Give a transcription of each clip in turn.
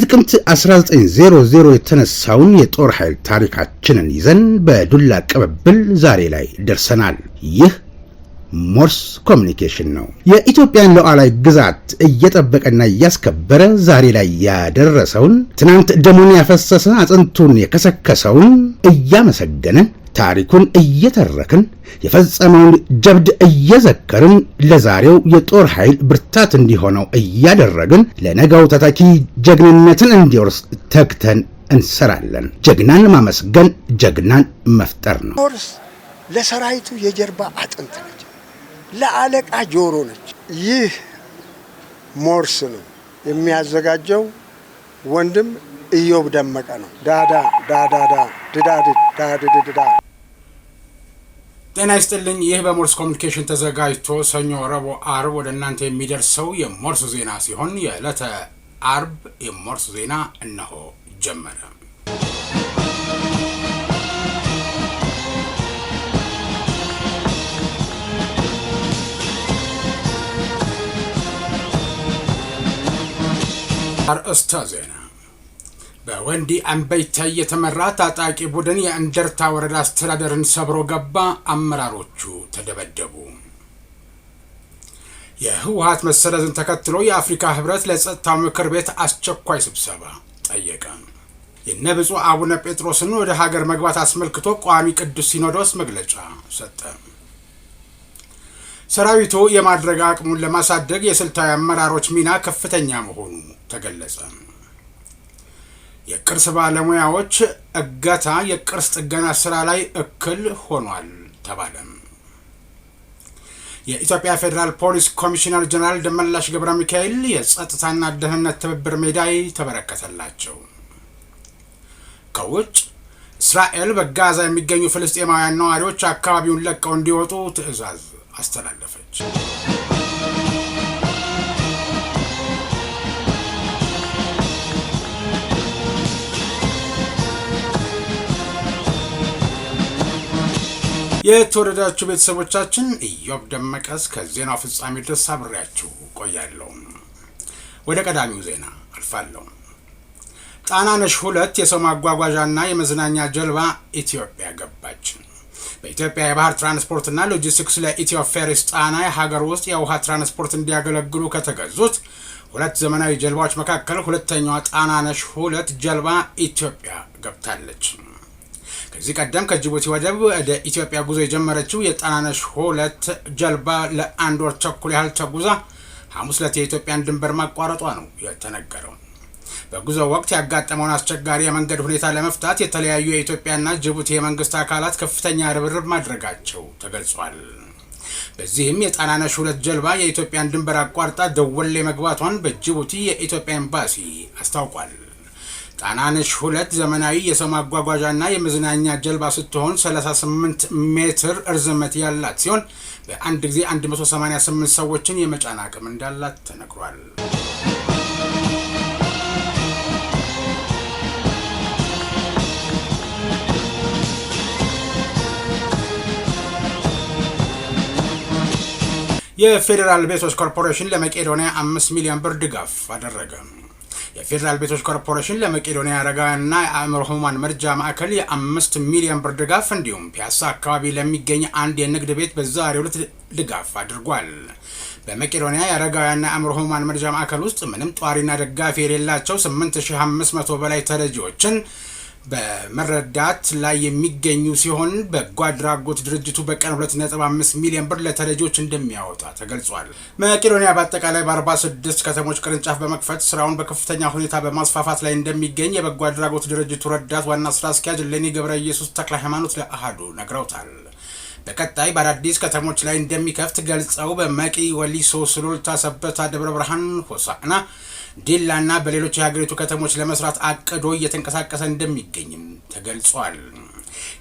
ከጥቅምት 1900 የተነሳውን የጦር ኃይል ታሪካችንን ይዘን በዱላ ቅብብል ዛሬ ላይ ደርሰናል። ይህ ሞርስ ኮሚኒኬሽን ነው። የኢትዮጵያን ሉዓላዊ ግዛት እየጠበቀና እያስከበረ ዛሬ ላይ ያደረሰውን ትናንት ደሙን ያፈሰሰ አጥንቱን የከሰከሰውን እያመሰገነ ታሪኩን እየተረክን የፈጸመውን ጀብድ እየዘከርን ለዛሬው የጦር ኃይል ብርታት እንዲሆነው እያደረግን ለነገው ተተኪ ጀግንነትን እንዲወርስ ተግተን እንሰራለን። ጀግናን ማመስገን ጀግናን መፍጠር ነው። ሞርስ ለሰራዊቱ የጀርባ አጥንት ነው። ለአለቃ ጆሮ ነች። ይህ ሞርስ ነው የሚያዘጋጀው። ወንድም እዮብ ደመቀ ነው። ዳዳ ዳዳዳ ድዳድድ ዳድድድዳ ጤና ይስጥልኝ። ይህ በሞርስ ኮሚኒኬሽን ተዘጋጅቶ ሰኞ፣ ረቡዕ፣ አርብ ወደ እናንተ የሚደርሰው የሞርስ ዜና ሲሆን የዕለተ አርብ የሞርስ ዜና እነሆ ጀመረ። አርእስተ ዜና በወንዲ አንበይታ የተመራ ታጣቂ ቡድን የእንደርታ ወረዳ አስተዳደርን ሰብሮ ገባ፣ አመራሮቹ ተደበደቡ። የህወሀት መሰረዝን ተከትሎ የአፍሪካ ህብረት ለጸጥታው ምክር ቤት አስቸኳይ ስብሰባ ጠየቀ። የነ ብፁዕ አቡነ ጴጥሮስን ወደ ሀገር መግባት አስመልክቶ ቋሚ ቅዱስ ሲኖዶስ መግለጫ ሰጠ። ሰራዊቱ የማድረግ አቅሙን ለማሳደግ የስልታዊ አመራሮች ሚና ከፍተኛ መሆኑ ተገለጸ። የቅርስ ባለሙያዎች እገታ የቅርስ ጥገና ስራ ላይ እክል ሆኗል ተባለ። የኢትዮጵያ ፌዴራል ፖሊስ ኮሚሽነር ጀነራል ደመላሽ ገብረ ሚካኤል የጸጥታና ደህንነት ትብብር ሜዳይ ተበረከተላቸው። ከውጭ እስራኤል በጋዛ የሚገኙ ፍልስጤማውያን ነዋሪዎች አካባቢውን ለቀው እንዲወጡ ትዕዛዝ አስተላለፈች። የተወደዳችሁ ቤተሰቦቻችን ኢዮብ ደመቀ እስከ ዜናው ፍጻሜ ድረስ አብሬያችሁ ቆያለሁ። ወደ ቀዳሚው ዜና አልፋለሁ። ጣናነሽ ሁለት የሰው ማጓጓዣና የመዝናኛ ጀልባ ኢትዮጵያ ገባች። በኢትዮጵያ የባህር ትራንስፖርትና ሎጂስቲክስ ለኢትዮ ፌሪስ ጣና የሀገር ውስጥ የውሃ ትራንስፖርት እንዲያገለግሉ ከተገዙት ሁለት ዘመናዊ ጀልባዎች መካከል ሁለተኛዋ ጣናነሽ ሁለት ጀልባ ኢትዮጵያ ገብታለች። ከዚህ ቀደም ከጅቡቲ ወደብ ወደ ኢትዮጵያ ጉዞ የጀመረችው የጣናነሽ ሁለት ጀልባ ለአንድ ወር ተኩል ያህል ተጉዛ ሐሙስ ዕለት የኢትዮጵያን ድንበር ማቋረጧ ነው የተነገረው። በጉዞ ወቅት ያጋጠመውን አስቸጋሪ የመንገድ ሁኔታ ለመፍታት የተለያዩ የኢትዮጵያና ጅቡቲ የመንግስት አካላት ከፍተኛ ርብርብ ማድረጋቸው ተገልጿል። በዚህም የጣናነሽ ሁለት ጀልባ የኢትዮጵያን ድንበር አቋርጣ ደወሌ መግባቷን በጅቡቲ የኢትዮጵያ ኤምባሲ አስታውቋል። ጣናነሽ ሁለት ዘመናዊ የሰው ማጓጓዣና የመዝናኛ ጀልባ ስትሆን 38 ሜትር እርዝመት ያላት ሲሆን በአንድ ጊዜ 188 ሰዎችን የመጫን አቅም እንዳላት ተነግሯል። የፌዴራል ቤቶች ኮርፖሬሽን ለመቄዶንያ 5 ሚሊዮን ብር ድጋፍ አደረገ። የፌዴራል ቤቶች ኮርፖሬሽን ለመቄዶንያ አረጋውያንና የአእምሮ ህሙማን መርጃ ማዕከል የአምስት ሚሊዮን ብር ድጋፍ እንዲሁም ፒያሳ አካባቢ ለሚገኝ አንድ የንግድ ቤት በዛሬው ዕለት ድጋፍ አድርጓል። በመቄዶንያ የአረጋውያንና የአእምሮ ህሙማን መርጃ ማዕከል ውስጥ ምንም ጧሪና ደጋፊ የሌላቸው 8500 በላይ ተረጂዎችን በመረዳት ላይ የሚገኙ ሲሆን በጎ አድራጎት ድርጅቱ በቀን 2.5 ሚሊዮን ብር ለተረጂዎች እንደሚያወጣ ተገልጿል። መቄዶኒያ በአጠቃላይ በ46 ከተሞች ቅርንጫፍ በመክፈት ስራውን በከፍተኛ ሁኔታ በማስፋፋት ላይ እንደሚገኝ የበጎ አድራጎት ድርጅቱ ረዳት ዋና ስራ አስኪያጅ ለኔ ገብረ ኢየሱስ ተክለ ሃይማኖት ለአሃዱ ነግረውታል። በቀጣይ በአዳዲስ ከተሞች ላይ እንደሚከፍት ገልጸው በመቂ፣ ወሊሶ፣ ስሉልታ፣ ሰበታ፣ ደብረ ብርሃን፣ ሆሳዕና ዲላና በሌሎች የሀገሪቱ ከተሞች ለመስራት አቅዶ እየተንቀሳቀሰ እንደሚገኝም ተገልጿል።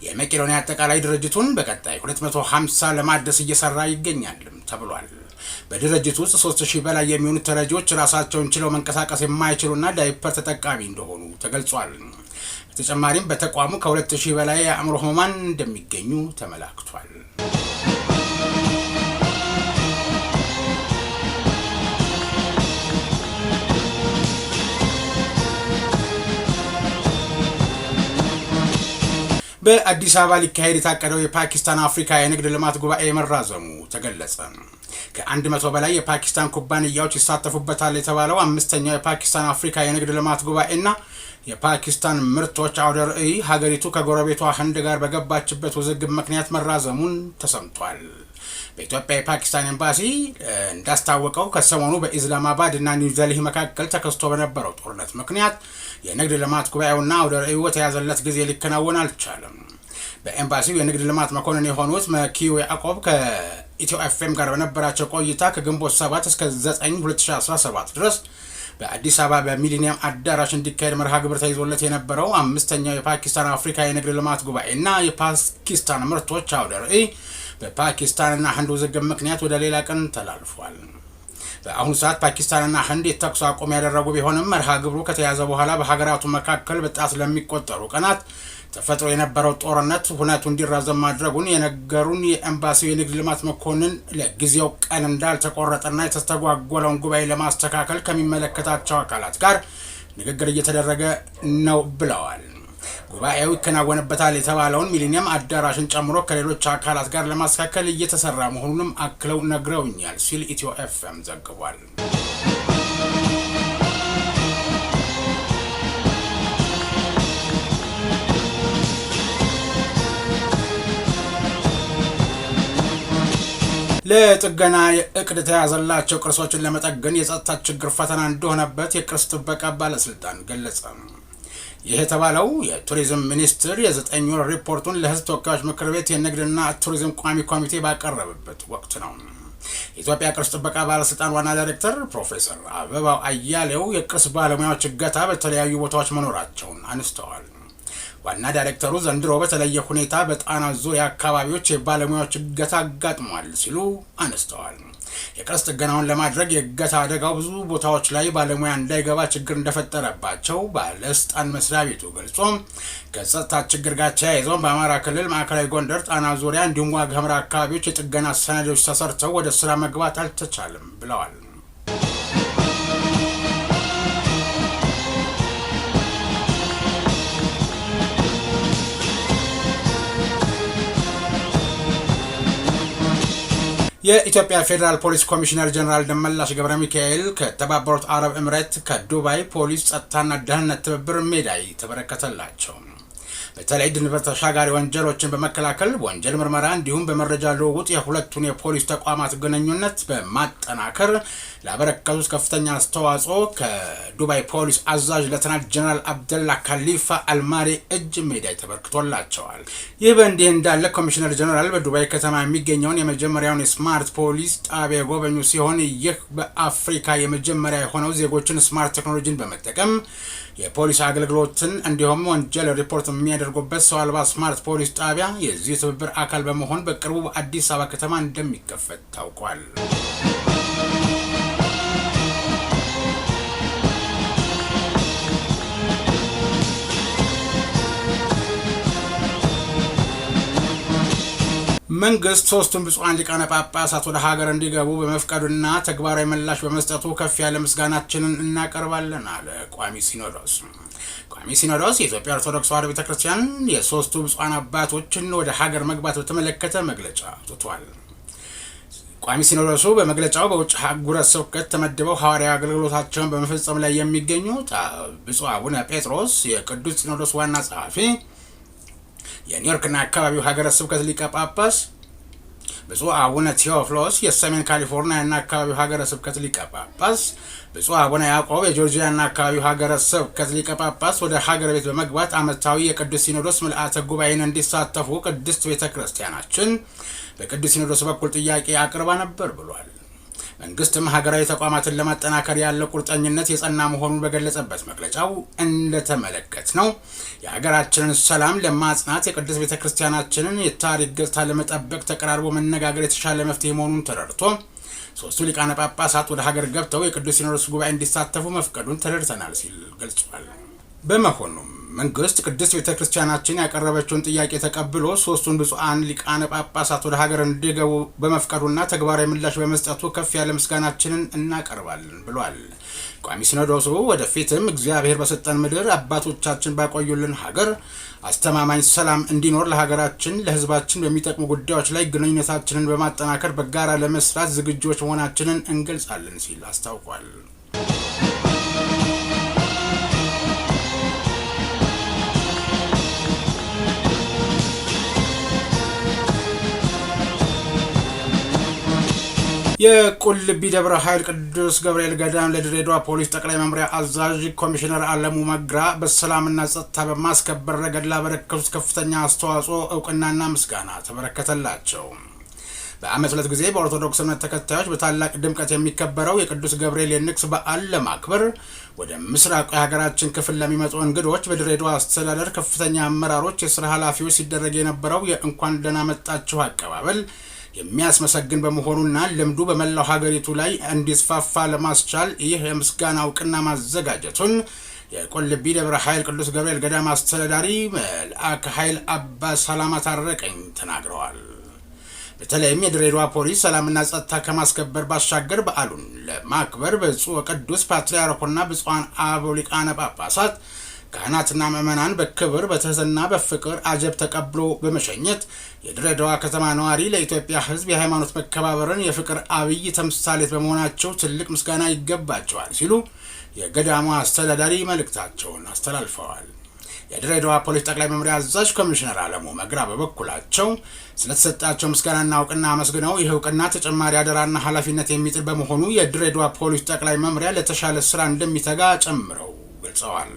የመቄዶንያ አጠቃላይ ድርጅቱን በቀጣይ 250 ለማደስ እየሰራ ይገኛልም ተብሏል። በድርጅቱ ውስጥ 3000 በላይ የሚሆኑ ተረጂዎች ራሳቸውን ችለው መንቀሳቀስ የማይችሉና ዳይፐር ተጠቃሚ እንደሆኑ ተገልጿል። በተጨማሪም በተቋሙ ከ2000 በላይ የአእምሮ ህሙማን እንደሚገኙ ተመላክቷል። በአዲስ አበባ ሊካሄድ የታቀደው የፓኪስታን አፍሪካ የንግድ ልማት ጉባኤ መራዘሙ ተገለጸ። ከአንድ መቶ በላይ የፓኪስታን ኩባንያዎች ይሳተፉበታል የተባለው አምስተኛው የፓኪስታን አፍሪካ የንግድ ልማት ጉባኤና የፓኪስታን ምርቶች አውደ ርዕይ ሀገሪቱ ከጎረቤቷ ህንድ ጋር በገባችበት ውዝግብ ምክንያት መራዘሙን ተሰምቷል። በኢትዮጵያ የፓኪስታን ኤምባሲ እንዳስታወቀው ከሰሞኑ በኢስላማባድ እና ኒውደልሂ መካከል ተከስቶ በነበረው ጦርነት ምክንያት የንግድ ልማት ጉባኤውና አውደ ርዕዩ በተያዘለት ጊዜ ሊከናወን አልቻለም። በኤምባሲው የንግድ ልማት መኮንን የሆኑት መኪዮ ያዕቆብ ከኢትዮ ኤፍኤም ጋር በነበራቸው ቆይታ ከግንቦት 7 እስከ 9 2017 ድረስ በአዲስ አበባ በሚሊኒየም አዳራሽ እንዲካሄድ መርሃ ግብር ተይዞለት የነበረው አምስተኛው የፓኪስታን አፍሪካ የንግድ ልማት ጉባኤና የፓኪስታን ምርቶች አውደ ርዕይ በፓኪስታንና ህንድ ውዝግብ ምክንያት ወደ ሌላ ቀን ተላልፏል። በአሁኑ ሰዓት ፓኪስታንና ህንድ የተኩስ አቁም ያደረጉ ቢሆንም መርሃ ግብሩ ከተያዘ በኋላ በሀገራቱ መካከል በጣት ለሚቆጠሩ ቀናት ተፈጥሮ የነበረው ጦርነት ሁነቱ እንዲራዘም ማድረጉን የነገሩን የኤምባሲው የንግድ ልማት መኮንን ለጊዜው ቀን እንዳልተቆረጠና የተስተጓጎለውን ጉባኤ ለማስተካከል ከሚመለከታቸው አካላት ጋር ንግግር እየተደረገ ነው ብለዋል። ጉባኤው ይከናወንበታል የተባለውን ሚሊኒየም አዳራሽን ጨምሮ ከሌሎች አካላት ጋር ለማስተካከል እየተሰራ መሆኑንም አክለው ነግረውኛል ሲል ኢትዮ ኤፍኤም ዘግቧል። ለጥገና እቅድ ተያዘላቸው ቅርሶችን ለመጠገን የጸጥታ ችግር ፈተና እንደሆነበት የቅርስ ጥበቃ ባለስልጣን ገለጸ። ይህ የተባለው የቱሪዝም ሚኒስትር የዘጠኝ ወር ሪፖርቱን ለሕዝብ ተወካዮች ምክር ቤት የንግድና ቱሪዝም ቋሚ ኮሚቴ ባቀረበበት ወቅት ነው። የኢትዮጵያ ቅርስ ጥበቃ ባለስልጣን ዋና ዳይሬክተር ፕሮፌሰር አበባው አያሌው የቅርስ ባለሙያዎች እገታ በተለያዩ ቦታዎች መኖራቸውን አንስተዋል። ዋና ዳይሬክተሩ ዘንድሮ በተለየ ሁኔታ በጣና ዙሪያ አካባቢዎች የባለሙያዎች እገታ አጋጥሟል ሲሉ አንስተዋል። የቀስ ጥገናውን ለማድረግ የእገታ አደጋው ብዙ ቦታዎች ላይ ባለሙያ እንዳይገባ ችግር እንደፈጠረባቸው ባለስልጣን መስሪያ ቤቱ ገልጾ ከጸጥታ ችግር ጋር ተያይዞም በአማራ ክልል ማዕከላዊ ጎንደር፣ ጣና ዙሪያ እንዲሁም ዋግ ኽምራ አካባቢዎች የጥገና ሰነዶች ተሰርተው ወደ ስራ መግባት አልተቻለም ብለዋል። የኢትዮጵያ ፌዴራል ፖሊስ ኮሚሽነር ጀኔራል ደመላሽ ገብረ ሚካኤል ከተባበሩት አረብ እምረት ከዱባይ ፖሊስ ጸጥታና ደህንነት ትብብር ሜዳይ ተበረከተላቸው። በተለይ ድንበር ተሻጋሪ ወንጀሎችን በመከላከል ወንጀል ምርመራ እንዲሁም በመረጃ ልውውጥ የሁለቱን የፖሊስ ተቋማት ግንኙነት በማጠናከር ላበረከቱት ከፍተኛ አስተዋጽኦ ከዱባይ ፖሊስ አዛዥ ለትናንት ጀነራል አብደላ ካሊፋ አልማሪ እጅ ሜዳይ ተበርክቶላቸዋል። ይህ በእንዲህ እንዳለ ኮሚሽነር ጀነራል በዱባይ ከተማ የሚገኘውን የመጀመሪያውን የስማርት ፖሊስ ጣቢያ የጎበኙ ሲሆን ይህ በአፍሪካ የመጀመሪያ የሆነው ዜጎችን ስማርት ቴክኖሎጂን በመጠቀም የፖሊስ አገልግሎትን እንዲሁም ወንጀል ሪፖርት የሚያደርጉበት ሰው አልባ ስማርት ፖሊስ ጣቢያ የዚህ ትብብር አካል በመሆን በቅርቡ በአዲስ አበባ ከተማ እንደሚከፈት ታውቋል። መንግስት ሶስቱን ብፁዓን ሊቃነ ጳጳሳት ወደ ሀገር እንዲገቡ በመፍቀዱና ተግባራዊ ምላሽ በመስጠቱ ከፍ ያለ ምስጋናችንን እናቀርባለን አለ ቋሚ ሲኖዶስ። ቋሚ ሲኖዶስ የኢትዮጵያ ኦርቶዶክስ ተዋሕዶ ቤተ ክርስቲያን የሶስቱ ብፁዓን አባቶችን ወደ ሀገር መግባት በተመለከተ መግለጫ አውጥቷል። ቋሚ ሲኖዶሱ በመግለጫው በውጭ አህጉረ ስብከት ተመድበው ሐዋርያዊ አገልግሎታቸውን በመፈጸም ላይ የሚገኙት ብፁዕ አቡነ ጴጥሮስ የቅዱስ ሲኖዶስ ዋና ጸሐፊ የኒውዮርክና አካባቢው ሀገረ ስብከት ሊቀ ጳጳስ ብፁዕ አቡነ ቴዎፍሎስ የሰሜን ካሊፎርኒያና አካባቢው ሀገረ ስብከት ሊቀ ጳጳስ፣ ብፁዕ አቡነ ያዕቆብ የጆርጂያና አካባቢው ሀገረ ስብከት ሊቀ ጳጳስ ወደ ሀገር ቤት በመግባት ዓመታዊ የቅዱስ ሲኖዶስ ምልአተ ጉባኤን እንዲሳተፉ ቅድስት ቤተ ክርስቲያናችን በቅዱስ ሲኖዶስ በኩል ጥያቄ አቅርባ ነበር ብሏል። መንግስትም ሀገራዊ ተቋማትን ለማጠናከር ያለው ቁርጠኝነት የጸና መሆኑን በገለጸበት መግለጫው እንደተመለከት ነው የሀገራችንን ሰላም ለማጽናት የቅዱስ ቤተ ክርስቲያናችንን የታሪክ ገጽታ ለመጠበቅ ተቀራርቦ መነጋገር የተሻለ መፍትሄ መሆኑን ተረድቶ ሶስቱ ሊቃነ ጳጳሳት ወደ ሀገር ገብተው የቅዱስ ሲኖዶስ ጉባኤ እንዲሳተፉ መፍቀዱን ተረድተናል ሲል ገልጿል። በመሆኑም መንግስት ቅድስት ቤተ ክርስቲያናችን ያቀረበችውን ጥያቄ ተቀብሎ ሶስቱን ብፁዓን ሊቃነ ጳጳሳት ወደ ሀገር እንዲገቡ በመፍቀዱና ተግባራዊ ምላሽ በመስጠቱ ከፍ ያለ ምስጋናችንን እናቀርባለን ብሏል። ቋሚ ሲኖዶሱ ወደፊትም እግዚአብሔር በሰጠን ምድር አባቶቻችን ባቆዩልን ሀገር አስተማማኝ ሰላም እንዲኖር ለሀገራችን፣ ለህዝባችን በሚጠቅሙ ጉዳዮች ላይ ግንኙነታችንን በማጠናከር በጋራ ለመስራት ዝግጆች መሆናችንን እንገልጻለን ሲል አስታውቋል። የቁልቢ ደብረ ኃይል ቅዱስ ገብርኤል ገዳም ለድሬዳዋ ፖሊስ ጠቅላይ መምሪያ አዛዥ ኮሚሽነር አለሙ መግራ በሰላምና ጸጥታ በማስከበር ረገድ ላበረከቱት ከፍተኛ አስተዋጽኦ እውቅናና ምስጋና ተበረከተላቸው። በዓመት ሁለት ጊዜ በኦርቶዶክስ እምነት ተከታዮች በታላቅ ድምቀት የሚከበረው የቅዱስ ገብርኤል የንግስ በዓል ለማክበር ወደ ምስራቁ የሀገራችን ክፍል ለሚመጡ እንግዶች በድሬዳዋ አስተዳደር ከፍተኛ አመራሮች፣ የስራ ኃላፊዎች ሲደረግ የነበረው የእንኳን ደህና መጣችሁ አቀባበል የሚያስመሰግን በመሆኑና ልምዱ በመላው ሀገሪቱ ላይ እንዲስፋፋ ለማስቻል ይህ የምስጋና እውቅና ማዘጋጀቱን የቆልቢ ደብረ ኃይል ቅዱስ ገብርኤል ገዳም አስተዳዳሪ መልአክ ኃይል አባ ሰላማ ታረቀኝ ተናግረዋል። በተለይም የድሬዳዋ ፖሊስ ሰላምና ጸጥታ ከማስከበር ባሻገር በዓሉን ለማክበር ብፁዕ ወቅዱስ ፓትርያርኩና ብፁዓን አበው ሊቃነ ጳጳሳት ካህናትና ምእመናን በክብር በትህትና በፍቅር አጀብ ተቀብሎ በመሸኘት የድሬዳዋ ከተማ ነዋሪ ለኢትዮጵያ ሕዝብ የሃይማኖት መከባበርን የፍቅር አብይ ተምሳሌት በመሆናቸው ትልቅ ምስጋና ይገባቸዋል ሲሉ የገዳሙ አስተዳዳሪ መልእክታቸውን አስተላልፈዋል። የድሬዳዋ ፖሊስ ጠቅላይ መምሪያ አዛዥ ኮሚሽነር አለሙ መግራ በበኩላቸው ስለተሰጣቸው ምስጋናና እውቅና አመስግነው ይህ እውቅና ተጨማሪ አደራና ኃላፊነት የሚጥል በመሆኑ የድሬዳዋ ፖሊስ ጠቅላይ መምሪያ ለተሻለ ስራ እንደሚተጋ ጨምረው ገልጸዋል።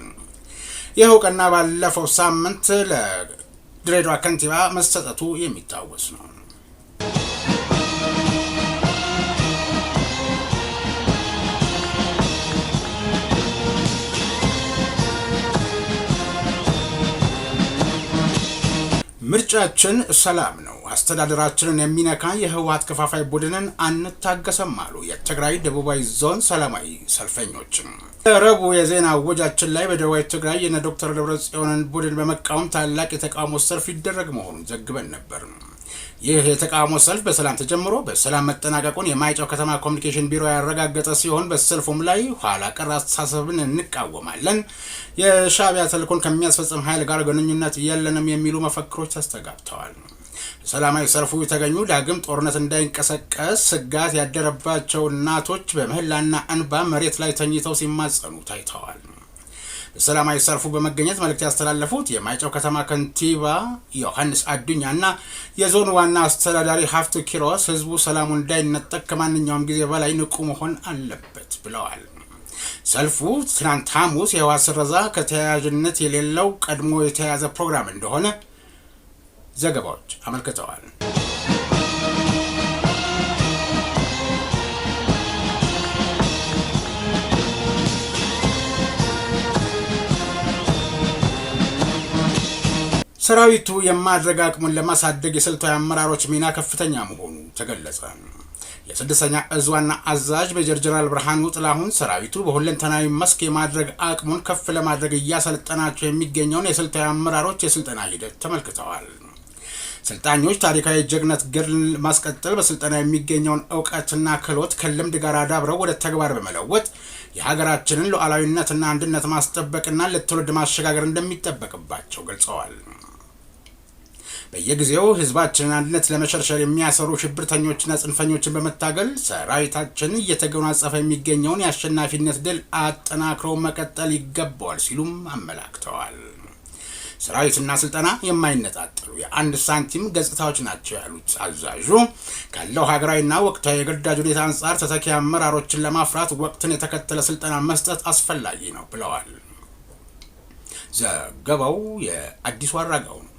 ይህ እውቅና ባለፈው ሳምንት ለድሬዳዋ ከንቲባ መሰጠቱ የሚታወስ ነው። ምርጫችን ሰላም ነው። አስተዳደራችንን የሚነካ የህወሀት ከፋፋይ ቡድንን አንታገሰም አሉ የትግራይ ደቡባዊ ዞን ሰላማዊ ሰልፈኞችም። ረቡ የዜና እወጃችን ላይ በደቡባዊ ትግራይ የነ ዶክተር ደብረጽዮንን ቡድን በመቃወም ታላቅ የተቃውሞ ሰልፍ ይደረግ መሆኑን ዘግበን ነበር። ይህ የተቃውሞ ሰልፍ በሰላም ተጀምሮ በሰላም መጠናቀቁን የማይጨው ከተማ ኮሚኒኬሽን ቢሮ ያረጋገጠ ሲሆን በሰልፉም ላይ ኋላ ቀር አስተሳሰብን እንቃወማለን፣ የሻዕቢያ ተልእኮን ከሚያስፈጽም ኃይል ጋር ግንኙነት የለንም የሚሉ መፈክሮች ተስተጋብተዋል። ሰላማዊ ሰልፉ የተገኙ ዳግም ጦርነት እንዳይንቀሰቀስ ስጋት ያደረባቸው እናቶች በምህላና እንባ መሬት ላይ ተኝተው ሲማጸኑ ታይተዋል። በሰላማዊ ሰልፉ በመገኘት መልእክት ያስተላለፉት የማይጨው ከተማ ከንቲባ ዮሐንስ አዱኛ እና የዞን ዋና አስተዳዳሪ ሀፍት ኪሮስ ህዝቡ ሰላሙ እንዳይነጠቅ ከማንኛውም ጊዜ በላይ ንቁ መሆን አለበት ብለዋል። ሰልፉ ትናንት ሐሙስ የህወሓት ስረዛ ከተያያዥነት የሌለው ቀድሞ የተያያዘ ፕሮግራም እንደሆነ ዘገባዎች አመልክተዋል። ሰራዊቱ የማድረግ አቅሙን ለማሳደግ የስልታዊ አመራሮች ሚና ከፍተኛ መሆኑ ተገለጸ። የስድስተኛ እዝ ዋና አዛዥ ሜጀር ጀነራል ብርሃኑ ጥላሁን ሰራዊቱ በሁለንተናዊ መስክ የማድረግ አቅሙን ከፍ ለማድረግ እያሰለጠናቸው የሚገኘውን የስልታዊ አመራሮች የስልጠና ሂደት ተመልክተዋል። ሰልጣኞች ታሪካዊ ጀግነት ገድል ማስቀጠል በስልጠና የሚገኘውን እውቀትና ክህሎት ከልምድ ጋር አዳብረው ወደ ተግባር በመለወጥ የሀገራችንን ሉዓላዊነትና አንድነት ማስጠበቅና ለትውልድ ማሸጋገር እንደሚጠበቅባቸው ገልጸዋል። በየጊዜው ህዝባችንን አንድነት ለመሸርሸር የሚያሰሩ ሽብርተኞችና ጽንፈኞችን በመታገል ሰራዊታችን እየተጎናጸፈ የሚገኘውን የአሸናፊነት ድል አጠናክረው መቀጠል ይገባዋል ሲሉም አመላክተዋል። ሰራዊትና ስልጠና የማይነጣጠሉ የአንድ ሳንቲም ገጽታዎች ናቸው ያሉት አዛዡ ካለው ሀገራዊና ወቅታዊ የግዳጅ ሁኔታ አንጻር ተተኪ አመራሮችን ለማፍራት ወቅትን የተከተለ ስልጠና መስጠት አስፈላጊ ነው ብለዋል። ዘገባው የአዲሱ አራጋው ነው።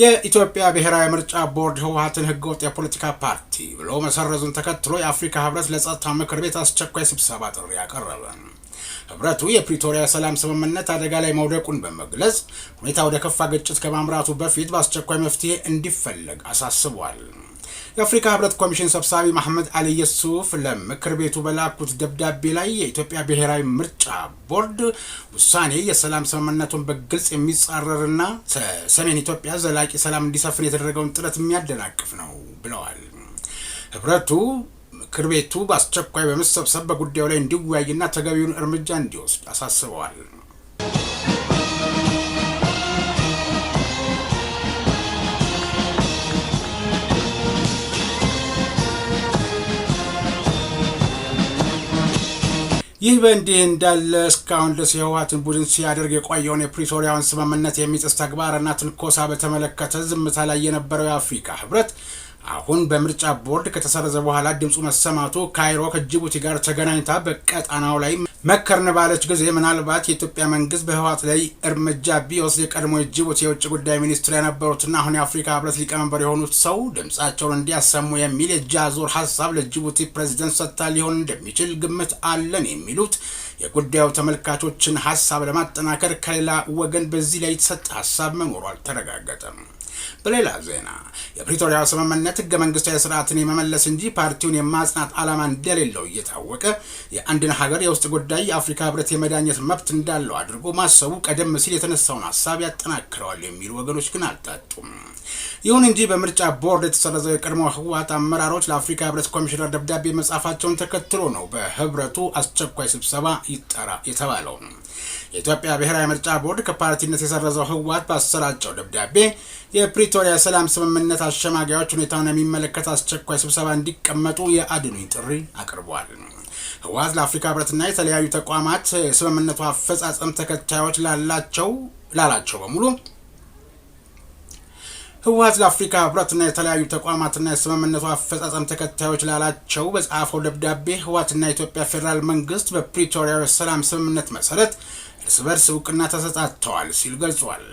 የኢትዮጵያ ብሔራዊ ምርጫ ቦርድ ህወሀትን ህገወጥ የፖለቲካ ፓርቲ ብሎ መሰረዙን ተከትሎ የአፍሪካ ህብረት ለጸጥታ ምክር ቤት አስቸኳይ ስብሰባ ጥሪ አቀረበ። ህብረቱ የፕሪቶሪያ ሰላም ስምምነት አደጋ ላይ መውደቁን በመግለጽ ሁኔታ ወደ ከፋ ግጭት ከማምራቱ በፊት በአስቸኳይ መፍትሄ እንዲፈለግ አሳስቧል። የአፍሪካ ህብረት ኮሚሽን ሰብሳቢ መሐመድ አሊ የሱፍ ለምክር ቤቱ በላኩት ደብዳቤ ላይ የኢትዮጵያ ብሔራዊ ምርጫ ቦርድ ውሳኔ የሰላም ስምምነቱን በግልጽ የሚጻረርና ሰሜን ኢትዮጵያ ዘላቂ ሰላም እንዲሰፍን የተደረገውን ጥረት የሚያደናቅፍ ነው ብለዋል። ህብረቱ ምክር ቤቱ በአስቸኳይ በመሰብሰብ በጉዳዩ ላይ እንዲወያይና ተገቢውን እርምጃ እንዲወስድ አሳስበዋል። ይህ በእንዲህ እንዳለ እስካሁን ድረስ የህወሓትን ቡድን ሲያደርግ የቆየውን የፕሪቶሪያውን ስምምነት የሚጥስ ተግባርና ትንኮሳ በተመለከተ ዝምታ ላይ የነበረው የአፍሪካ ህብረት አሁን በምርጫ ቦርድ ከተሰረዘ በኋላ ድምፁ መሰማቱ ካይሮ ከጅቡቲ ጋር ተገናኝታ በቀጣናው ላይ መከርን ባለች ጊዜ ምናልባት የኢትዮጵያ መንግስት በህወሓት ላይ እርምጃ ቢወስድ የቀድሞ የጅቡቲ የውጭ ጉዳይ ሚኒስትር የነበሩትና አሁን የአፍሪካ ህብረት ሊቀመንበር የሆኑት ሰው ድምፃቸውን እንዲያሰሙ የሚል የጃዙር ሀሳብ ለጅቡቲ ፕሬዚደንት ሰጥታ ሊሆን እንደሚችል ግምት አለን የሚሉት የጉዳዩ ተመልካቾችን ሀሳብ ለማጠናከር ከሌላ ወገን በዚህ ላይ የተሰጠ ሀሳብ መኖሩ አልተረጋገጠም። በሌላ ዜና የፕሪቶሪያ ስምምነት ህገ መንግስታዊ ስርዓትን የመመለስ እንጂ ፓርቲውን የማጽናት ዓላማ እንደሌለው እየታወቀ የአንድን ሀገር የውስጥ ጉዳይ የአፍሪካ ህብረት የመዳኘት መብት እንዳለው አድርጎ ማሰቡ ቀደም ሲል የተነሳውን ሀሳብ ያጠናክረዋል የሚሉ ወገኖች ግን አልጣጡም። ይሁን እንጂ በምርጫ ቦርድ የተሰረዘው የቀድሞ ህወሓት አመራሮች ለአፍሪካ ህብረት ኮሚሽነር ደብዳቤ መጻፋቸውን ተከትሎ ነው በህብረቱ አስቸኳይ ስብሰባ ይጠራ የተባለው። የኢትዮጵያ ብሔራዊ ምርጫ ቦርድ ከፓርቲነት የሰረዘው ህወሓት ባሰራጨው ደብዳቤ የፕሪቶሪያ ሰላም ስምምነት አሸማጋዮች ሁኔታውን የሚመለከት አስቸኳይ ስብሰባ እንዲቀመጡ የአድኑኝ ጥሪ አቅርቧል። ህወሓት ለአፍሪካ ህብረትና የተለያዩ ተቋማት የስምምነቱ አፈጻጸም ተከታዮች ላላቸው ላላቸው በሙሉ ህወሓት ለአፍሪካ ህብረትና የተለያዩ ተቋማትና የስምምነቱ አፈጻጸም ተከታዮች ላላቸው በጻፈው ደብዳቤ ህወሓትና የኢትዮጵያ ፌዴራል መንግስት በፕሪቶሪያ የሰላም ስምምነት መሰረት እርስ በርስ እውቅና ተሰጣጥተዋል ሲል ገልጿል።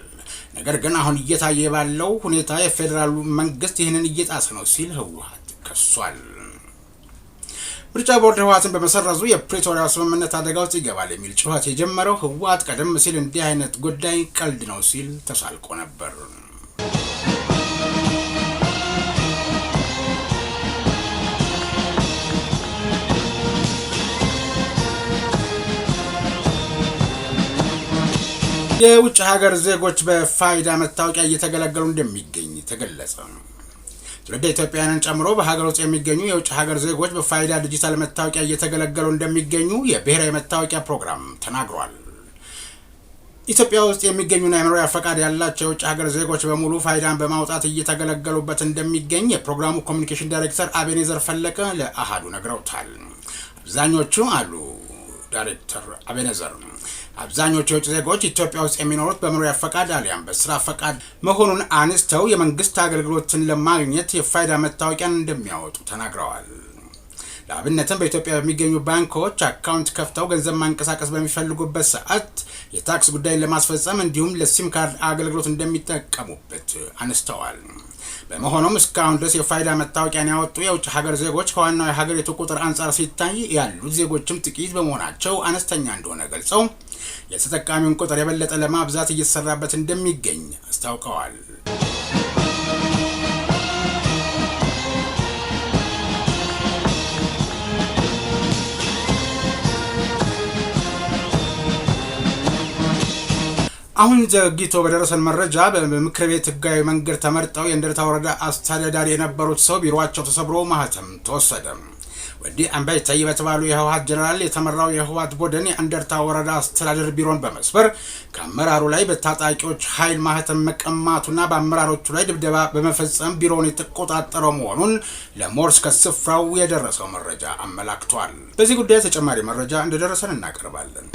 ነገር ግን አሁን እየታየ ባለው ሁኔታ የፌዴራሉ መንግስት ይህንን እየጣሰ ነው ሲል ህወሀት ከሷል። ምርጫ ቦርድ ህወሀትን በመሰረዙ የፕሪቶሪያ ስምምነት አደጋ ውስጥ ይገባል የሚል ጩኸት የጀመረው ህወሀት ቀደም ሲል እንዲህ አይነት ጉዳይ ቀልድ ነው ሲል ተሳልቆ ነበር። የውጭ ሀገር ዜጎች በፋይዳ መታወቂያ እየተገለገሉ እንደሚገኝ ተገለጸ። ትውልደ ኢትዮጵያውያንን ጨምሮ በሀገር ውስጥ የሚገኙ የውጭ ሀገር ዜጎች በፋይዳ ዲጂታል መታወቂያ እየተገለገሉ እንደሚገኙ የብሔራዊ መታወቂያ ፕሮግራም ተናግሯል። ኢትዮጵያ ውስጥ የሚገኙና የመኖሪያ ፈቃድ ያላቸው የውጭ ሀገር ዜጎች በሙሉ ፋይዳን በማውጣት እየተገለገሉበት እንደሚገኝ የፕሮግራሙ ኮሚኒኬሽን ዳይሬክተር አቤኔዘር ፈለቀ ለአሃዱ ነግረውታል። አብዛኞቹ አሉ ዳይሬክተር አቤነዘር አብዛኞቹ የውጭ ዜጎች ኢትዮጵያ ውስጥ የሚኖሩት በመኖሪያ ፈቃድ አሊያም በስራ ፈቃድ መሆኑን አንስተው የመንግስት አገልግሎትን ለማግኘት የፋይዳ መታወቂያን እንደሚያወጡ ተናግረዋል። ለአብነትም በኢትዮጵያ በሚገኙ ባንኮች አካውንት ከፍተው ገንዘብ ማንቀሳቀስ በሚፈልጉበት ሰዓት የታክስ ጉዳይን ለማስፈጸም እንዲሁም ለሲም ካርድ አገልግሎት እንደሚጠቀሙበት አነስተዋል። በመሆኑም እስካሁን ድረስ የፋይዳ መታወቂያን ያወጡ የውጭ ሀገር ዜጎች ከዋናው የሀገሪቱ ቁጥር አንጻር ሲታይ ያሉት ዜጎችም ጥቂት በመሆናቸው አነስተኛ እንደሆነ ገልጸው የተጠቃሚውን ቁጥር የበለጠ ለማብዛት እየተሰራበት እንደሚገኝ አስታውቀዋል። አሁን ዘግይቶ በደረሰን መረጃ በምክር ቤት ህጋዊ መንገድ ተመርጠው የእንደርታ ወረዳ አስተዳዳሪ የነበሩት ሰው ቢሮቸው ተሰብሮ ማህተም ተወሰደ። ወዲህ አንባይ ታይ በተባሉ የህወሀት ጀነራል የተመራው የህወሀት ቡድን የእንደርታ ወረዳ አስተዳደር ቢሮን በመስበር ከአመራሩ ላይ በታጣቂዎች ኃይል ማህተም መቀማቱና በአመራሮቹ ላይ ድብደባ በመፈጸም ቢሮውን የተቆጣጠረው መሆኑን ለሞርስ ከስፍራው የደረሰው መረጃ አመላክቷል። በዚህ ጉዳይ ተጨማሪ መረጃ እንደደረሰን እናቀርባለን።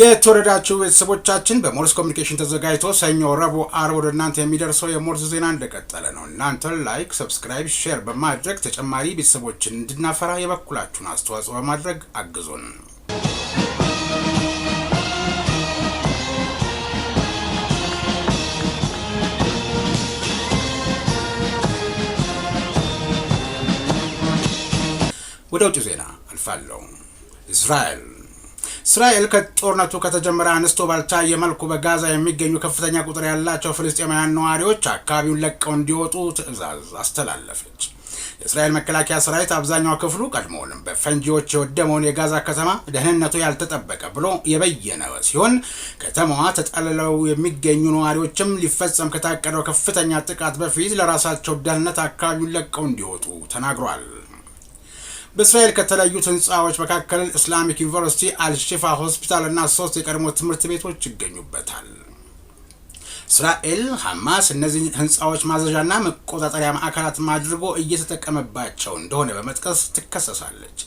የተወደዳችሁ ቤተሰቦቻችን በሞርስ ኮሚኒኬሽን ተዘጋጅቶ ሰኞ፣ ረቡዕ፣ አርብ ወደ እናንተ የሚደርሰው የሞርስ ዜና እንደቀጠለ ነው። እናንተ ላይክ፣ ሰብስክራይብ፣ ሼር በማድረግ ተጨማሪ ቤተሰቦችን እንድናፈራ የበኩላችሁን አስተዋጽኦ በማድረግ አግዙን። ወደ ውጭ ዜና አልፋለሁ። እስራኤል እስራኤል ከጦርነቱ ከተጀመረ አንስቶ ባልታየ መልኩ በጋዛ የሚገኙ ከፍተኛ ቁጥር ያላቸው ፍልስጤማውያን ነዋሪዎች አካባቢውን ለቀው እንዲወጡ ትዕዛዝ አስተላለፈች። የእስራኤል መከላከያ ሰራዊት አብዛኛው ክፍሉ ቀድሞውንም በፈንጂዎች የወደመውን የጋዛ ከተማ ደህንነቱ ያልተጠበቀ ብሎ የበየነ ሲሆን ከተማዋ ተጠልለው የሚገኙ ነዋሪዎችም ሊፈጸም ከታቀደው ከፍተኛ ጥቃት በፊት ለራሳቸው ደህንነት አካባቢውን ለቀው እንዲወጡ ተናግሯል። በእስራኤል ከተለያዩት ህንፃዎች መካከል ኢስላሚክ ዩኒቨርሲቲ፣ አልሺፋ ሆስፒታል እና ሶስት የቀድሞ ትምህርት ቤቶች ይገኙበታል። እስራኤል ሐማስ እነዚህ ህንፃዎች ማዘዣና መቆጣጠሪያ ማዕከላት አድርጎ እየተጠቀመባቸው እንደሆነ በመጥቀስ ትከሰሳለች።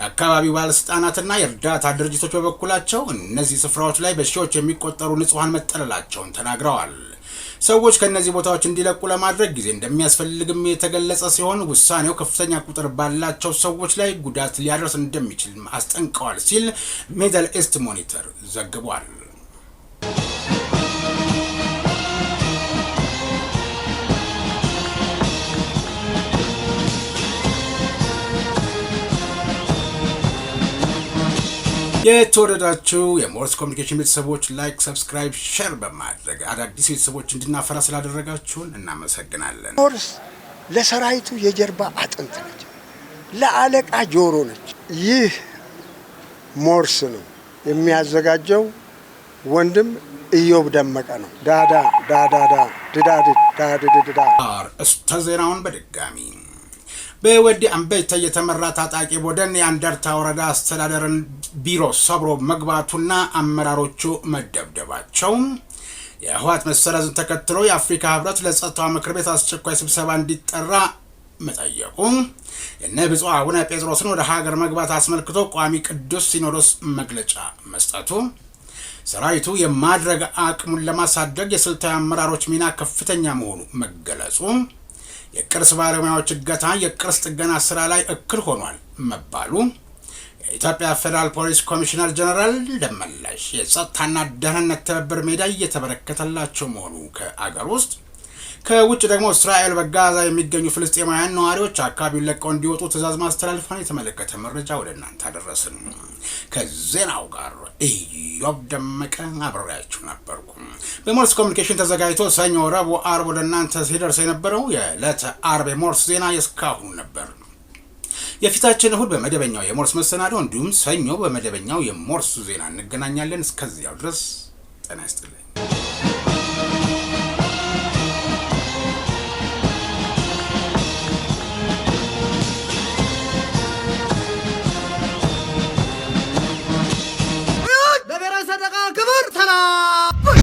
የአካባቢው ባለስልጣናትና የእርዳታ ድርጅቶች በበኩላቸው እነዚህ ስፍራዎች ላይ በሺዎች የሚቆጠሩ ንጹሐን መጠለላቸውን ተናግረዋል። ሰዎች ከእነዚህ ቦታዎች እንዲለቁ ለማድረግ ጊዜ እንደሚያስፈልግም የተገለጸ ሲሆን ውሳኔው ከፍተኛ ቁጥር ባላቸው ሰዎች ላይ ጉዳት ሊያደርስ እንደሚችል አስጠንቀዋል ሲል ሚድል ኢስት ሞኒተር ዘግቧል። የተወደዳችሁ የሞርስ ኮሚኒኬሽን ቤተሰቦች ላይክ፣ ሰብስክራይብ፣ ሸር በማድረግ አዳዲስ ቤተሰቦች እንድናፈራ ስላደረጋችሁን እናመሰግናለን። ሞርስ ለሰራዊቱ የጀርባ አጥንት ነች፣ ለአለቃ ጆሮ ነች። ይህ ሞርስ ነው የሚያዘጋጀው ወንድም እዮብ ደመቀ ነው። ዳዳ ዳዳዳ ድዳድ ዳድድዳ እስተ ዜናውን በድጋሚ በወዲ አንበይተ የተመራ ታጣቂ ቡድን የአንደርታ ወረዳ አስተዳደርን ቢሮ ሰብሮ መግባቱና አመራሮቹ መደብደባቸው የህወሓት መሰረዝን ተከትሎ የአፍሪካ ህብረት ለጸጥታው ምክር ቤት አስቸኳይ ስብሰባ እንዲጠራ መጠየቁ የነ ብፁዕ አቡነ ጴጥሮስን ወደ ሀገር መግባት አስመልክቶ ቋሚ ቅዱስ ሲኖዶስ መግለጫ መስጠቱ ሰራዊቱ የማድረግ አቅሙን ለማሳደግ የስልታዊ አመራሮች ሚና ከፍተኛ መሆኑ መገለጹ የቅርስ ባለሙያዎች እገታ የቅርስ ጥገና ስራ ላይ እክል ሆኗል መባሉ፣ የኢትዮጵያ ፌዴራል ፖሊስ ኮሚሽነር ጀነራል ደመላሽ የጸጥታና ደህንነት ትብብር ሜዳ እየተበረከተላቸው መሆኑ ከአገር ውስጥ ከውጭ ደግሞ እስራኤል በጋዛ የሚገኙ ፍልስጤማውያን ነዋሪዎች አካባቢውን ለቀው እንዲወጡ ትዕዛዝ ማስተላለፏን የተመለከተ መረጃ ወደ እናንተ አደረስን። ከዜናው ጋር እዮብ ደመቀ አብሬያችሁ ነበርኩ። በሞርስ ኮሚኒኬሽን ተዘጋጅቶ ሰኞ፣ ረቡዕ፣ አርብ ወደ እናንተ ሲደርስ የነበረው የዕለተ አርብ የሞርስ ዜና የእስካሁኑ ነበር። የፊታችን እሁድ በመደበኛው የሞርስ መሰናዶ እንዲሁም ሰኞ በመደበኛው የሞርስ ዜና እንገናኛለን። እስከዚያው ድረስ ጤና ይስጥልኝ።